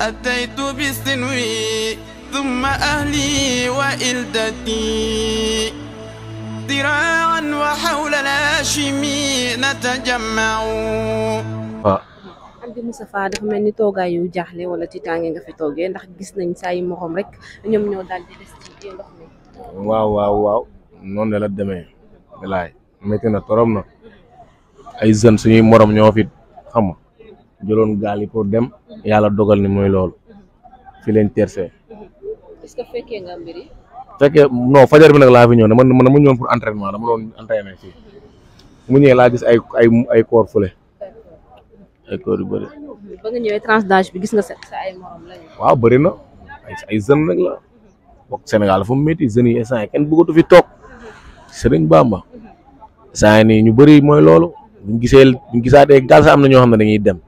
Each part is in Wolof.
أتيت بسنوي ثم أهلي وإلدتي ذراعا وحول الهاشمي نتجمع Amdy Moustapha dafa mel ni toogaay yu jaaxle wala ci tànge nga fi toogee ndax gis nañ saa yi morom rek ñoom ñoo daal di des ci ndox mi waaw waaw waaw noonu la la demee laay métti na na ay jeunes suñuy morom ñoo fi xam jëloon gaal yi pour dem yàlla dogal ni mooy loolu fi lañ terse est-ce que fekkee nga mbir yi fekkee non fajar bi nag laa fi ñëw ne ma ñoom mu ñëwoon na entraînement dama doon entraîné fii mu ñëwee laa gis ay ay ay koor fule ay koor yu bari ba nga ñëwee tranche d'âge bi gis nga sa waaw bëri na ay ay jeunes nag la bokk Sénégal fu mu métti jeunes yi instant yi kenn bëggatu fi toog sëriñ Bamba mhm. saa nii ñu bëri mooy loolu buñ gisee buñ gisaatee gaal sa am na ñoo xam ne dañuy dem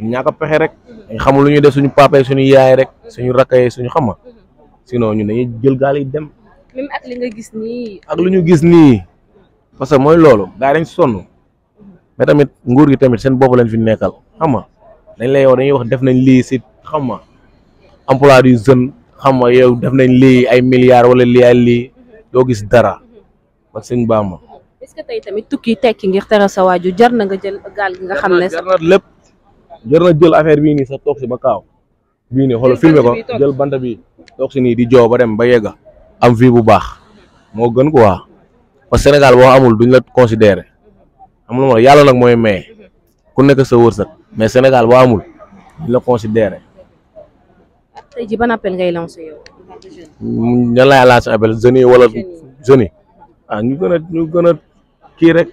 ñàkk a pexe rek xamul lu ñuy def suñu papay suñu yaay rek suñu rakkay suñu xama sinon ñu dañuy jël gaal yi dem. même ak li nga gis nii. ak lu ñu gis nii parce que mooy loolu gaa dañ sonn mais tamit nguur gi tamit seen bopp lañ fi nekkal xam dañ lay yow dañuy wax def nañ lii si xam nga emploi du jeune xam nga yow def nañ lii ay milliards wala lii ay lii doo gis dara ak seen Bamba. est-ce que tukki tekki ngir tere sa waaju jar na nga jël gaal gi nga xam ne. jar na lépp. jër na jël affaire bii nii sax toog si ba kaaw bii nii ko jël bant bi toog si nii di joo ba dem ba yegga am vie bu baax moo gën quoi parce que Sénégal boo amul duñ la considéré am lu ma yàlla nag mooy maye ku nekk sa wërsëg mais Sénégal boo amul duñ la considéré tey ji ban appel ngay lancé yow yi wala jeunes yi ah, ñu gën a ñu gën a rek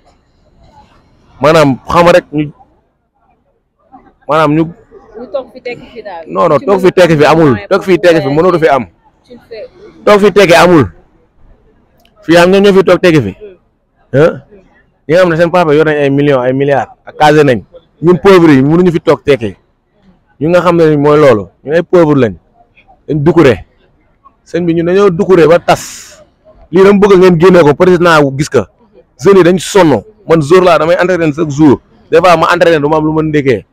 maanaam xam rek maanaam ñu. ñu toog fi tekki fi daal. fi amul toog fi tekki fi mënatu fi am. toog fi tekki amul. fi am ñoom ñoo fi toog tekki fi. Hmm. ñi nga xam ne seen papa yor nañ ay millions ay milliards ak casé nañ ñun pauvre yi ñu fi toog tekki ñu nga xam ne mooy loolu ñun ay pauvre lañ dañ dukure seen bi ñun dañoo dukure ba tas lii dama bëgg ngeen génne ko président wu gis ka jeunes yi dañ sonn man jour laa damay entraîné chaque jour des ma entraîné du ma am lu ma ndékkee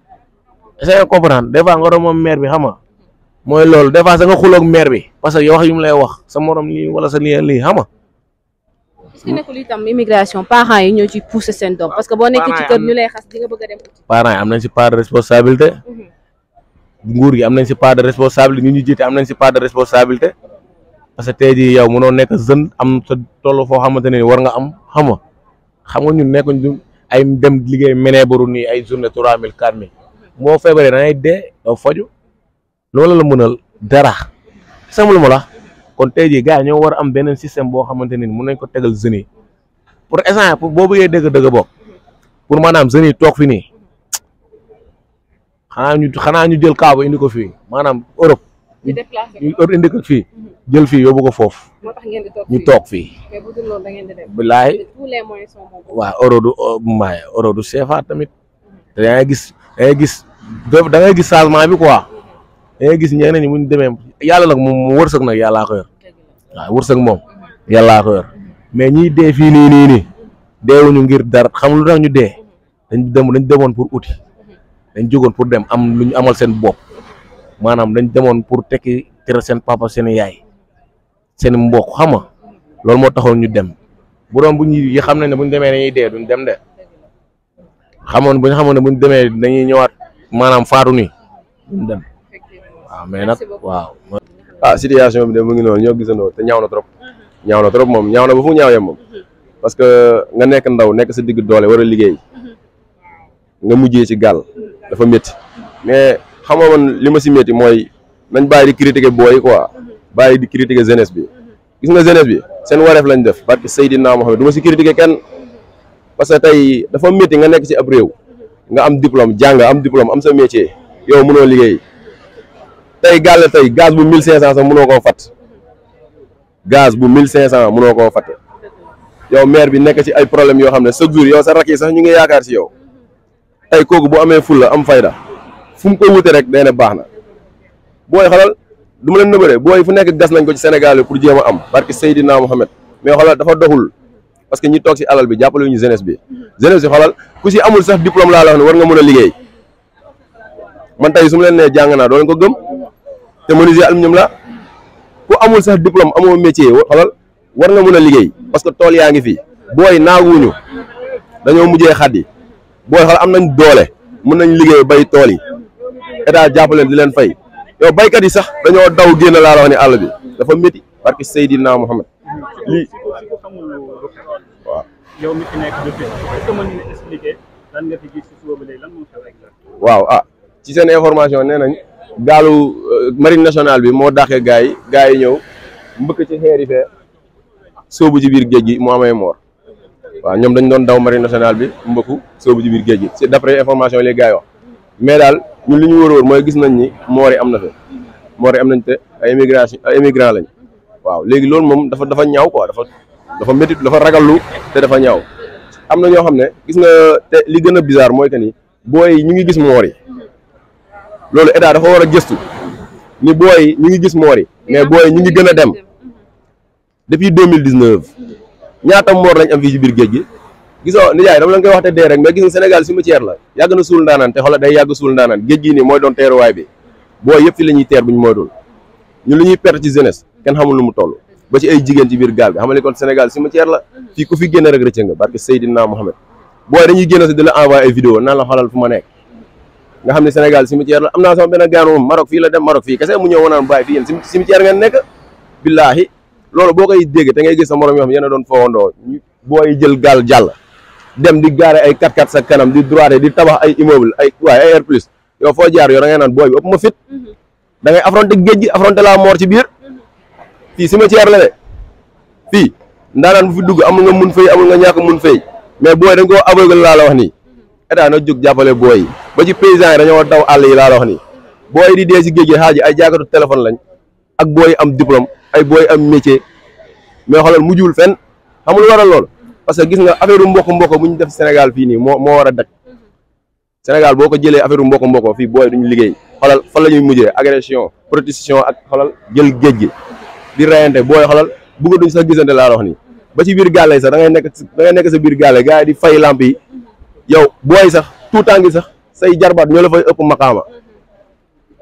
essayer comprendre des fois nga romoom maire bi xam mooy loolu des fois sa nga xuloog maire bi parce que yow yu mu lay wax sa morom lii wala lii lii xam nga est yi ñoo ci poussé seen parce que boo nekkee a dem. parents am nañ si part de responsabilité. Mhm. nguur gi am nañ si part de responsabilité jiite am nañ si part de responsabilité parce que tey jii yow mënoo nekk jeune am sa toll foo xamante ne war nga am xam nga xam nga ñun nekkuñ ay dem liggéey meneebaru nii ay journée trois mille boo feebaree da ngay dee doo faju loolu la mënal dara sama lu ma la kon tey jii gars ñoo war a am beneen système boo xamante ni mun nañ ko tegal jeunes yi pour instant boobu boo bëggee dëgg dëgg bokk pour maanaam jeunes toog fi nii xanaa ñu xanaa ñu jël kaaba indi ko fii maanaam Europe. ñu déplacé fii jël fii yóbbu ko foofu. ñu toog fii. mais bu waaw euro du oh, maay tamit. da mm-hmm. ngay gis. Eh, da gis da gis changement bi quoi da eh, gis ñeneen ñi bu ñu demee yàlla nag moom mu wërsëg nag yàllaa ko yor waaw wërsëg moom yàllaa ko yor mais ñiy dee fii nii nii nii deewuñu ngir dar xam lu tax ñu dee dañ dem dañ demoon pour uti dañ jógoon pour dem am lu ñu amal seen bopp maanaam dañ demoon pour tekki tere seen papa seen yaay seen mbokk xam nga loolu moo taxoon ñu dem bu doon bu xam nañ ne bu ñu demee dañuy dee duñ dem de. xamoon bu ñu xamoon ne bu ñu demee dañuy ñëwaat maanaam faatu nii duñ dem waaw ah, mais nag waaw. a ah, situation bi de mu ngi noonu ñoo gisandoo te ñaaw na trop ñaaw na trop moom ñaaw na ba fu mu yem moom mhm. parce que nga nekk ndaw nekk sa digg doole war a liggéey mhm. nga mujjee ci gaal dafa métti mais xam nga man li ma si métti mooy nañ bàyyi di critiquer booy quoi mhm. bàyyi di critiquer jeunesse bi gis nga jeunesse bi seen wareef lañ def barke Seydina Mohamed du ma si critiquer kenn. parce que tey dafa métti nga nekk ci ab réew nga am diplôme jàng am diplôme am sa métier yow mënoo liggéey tey gàll tey gaz bu cent sax mënoo koo fat gaz bu cent mënoo koo fat yow maire bi nekk ci ay problème yoo xam ne chaque jour yow sa rak yi sax ñu ngi yaakaar si yow tey kooku bu amee fulla am fayda fu mu ko wute rek day ne baax na booy xalal du ma leen nëbëree booy fu nekk gas nañ ko ci senegal yi pour jéem a am barke Seydina Mohamed mais xalal dafa doxul. parce que ñi toog si alal bi jàppale ñu jeunesse bi jeunesse bi xoolal ku si amul sax diplôme laa la wax ne war nga mën a liggéey man tey su ma leen nee jàng naa doo leen ko gëm te menuisier ñoom la ku amul sax diplôme amoo métier xoolal war nga mën a liggéey parce que tool yaa ngi fi booy naaguñu dañoo mujjee xaddi booy xoolal am nañ doole mën nañ liggéey bay tool yi état jàppale di leen fay yow baykat yi sax dañoo daw génn laa la wax ne àll bi dafa métti parce que Seydina Mohamed yow waaw ah ci seen information nee nañ gaalu euh, marine nationale bi moo dàqee gaa yi gaa yi ñëw mbëkk ci xeeri fee sóobu ci biir géej gi moo amee moor waaw ñoom dañ doon daw marine nationale bi mbëkku sóobu ci biir géej gi c'est d'après information yi les gars mais daal ñun li ñu wër wër mooy gis nañ ni moor yi am na fi moor yi am nañ te ay immigration ay immigrant lañ waaw léegi loolu moom dafa dafa ñaaw quoi dafa dafa métti dafa ragallu te dafa ñaaw am na ñoo xam ne gis nga te li gën a bizarre mooy que ni booy ñu ngi gis moor yi loolu état dafa war a gëstu ni booy ñu ngi gis moor yi mais booy ñu ngi gën a dem depuis deux mille dix neuf ñaata moor lañ am fii ci biir géej gi gisoo nijaay dama la koy wax te dee rek mais gis nga Sénégal cimetière la yàgg na suul ndaanaan te xoolal day yàgg suul ndaanaan géej gi nii mooy doon teeruwaay bi booy yëpp fi la teer bi ñu moytul ñun li ñuy perte ci jeunesse kenn xamul lu mu toll. ba ci ay jigéen ci biir gaal bi xamale kon Sénégal cimetière la mhm. fii ku fi génn rek rëcc nga barke Seydina Mohamed booy dañuy génn si di la envoyé ay vidéo naan la xalal fu ma nekk nga xam ne Sénégal cimetière la am naa sama benn gaanu moom Maroc fii la dem Maroc fi kese mu ñëw wanaan bàyyi fii yéen boo koy dégg te ngay gis sa morom yoo xam a doon fowandoo booy jël gaal jàll dem di gaare ay 4 x sa kanam di droite di tabax ay immeuble ay waaye ay air plus yow foo jaar yow da ngay naan booy bi ëpp ma fit mhm. da ngay affronter géej gi affronter la mort ci biir si fii cimetière la de fii ndaanaan bu fi dugg amul nga mun fay amul nga ñàkk mun fay mais booy dañ koo aveugle laa la wax ni état na jóg jàppale booy yi ba ci paysans yi dañoo daw àll yi laa la wax nii booy yi di dee si géej gi xaaji ay jaakatu téléphone lañ ak booy am diplôme ay booy am métier mais xoolal mujjul fenn xamul waral lool parce que gis nga affaire mbokk mbokk bu ñu def Sénégal fii nii moo moo war a daj Sénégal boo ko jëlee affaire mbokk mbokk fii booy duñu liggéey xoolal fan la ñuy mujjee agression protection ak xoolal jël géej gi di rayante booy xolal bëggatuñ sax gisante laa wax nii ba ci biir gàlle sax da ngay nekk da nekk sa biir gaale gaa yi di fay lamp yi yow booy sax tuutàngi sax say jarbaat ñoo la fay ëpp maqaama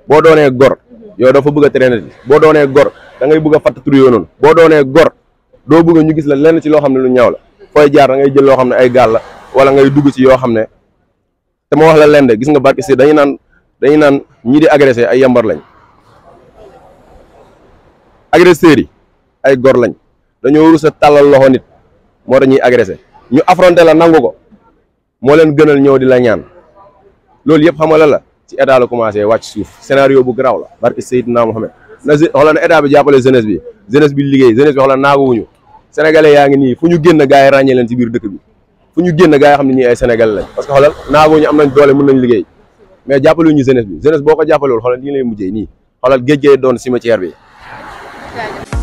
boo doonee gor yow dafa bëgg a traîner bi boo doonee gor da bëgg a boo doonee gor doo bëgg ñu gis la lenn ci loo xam ne lu ñaaw la fooy jaar da jël loo xam ne ay gàll la wala ngay dugg ci yoo xam ne te ma wax la lenn de gis nga barke si dañu naan dañu naan ñii di agressé ay yambar lañ agresseurs yi ay gor lañ dañoo rus a tàllal loxo nit moo tax ñuy agressé ñu affronté la nangu ko moo leen gënal ñëw di la ñaan loolu yëpp xamala la ci état la commencé wàcc suuf scénario bu garaaw la barki Seydina Mohamed na xoolal na état bi jàppale jeunesse bi jeunesse bi liggéey jeunesse yaa ngi nii fu ñu génn gars yi ràññee leen ci biir dëkk bi fu ñu génn gars yi xam ne nii ay sénégalais lañ parce que xoolal naaguwuñu am nañ doole mën nañ liggéey mais jàppaluñu jeunesse bi jeunesse boo ko jàppalewul xoolal li ngi lay mujjee nii xoolal géej géej doon bi jaajëf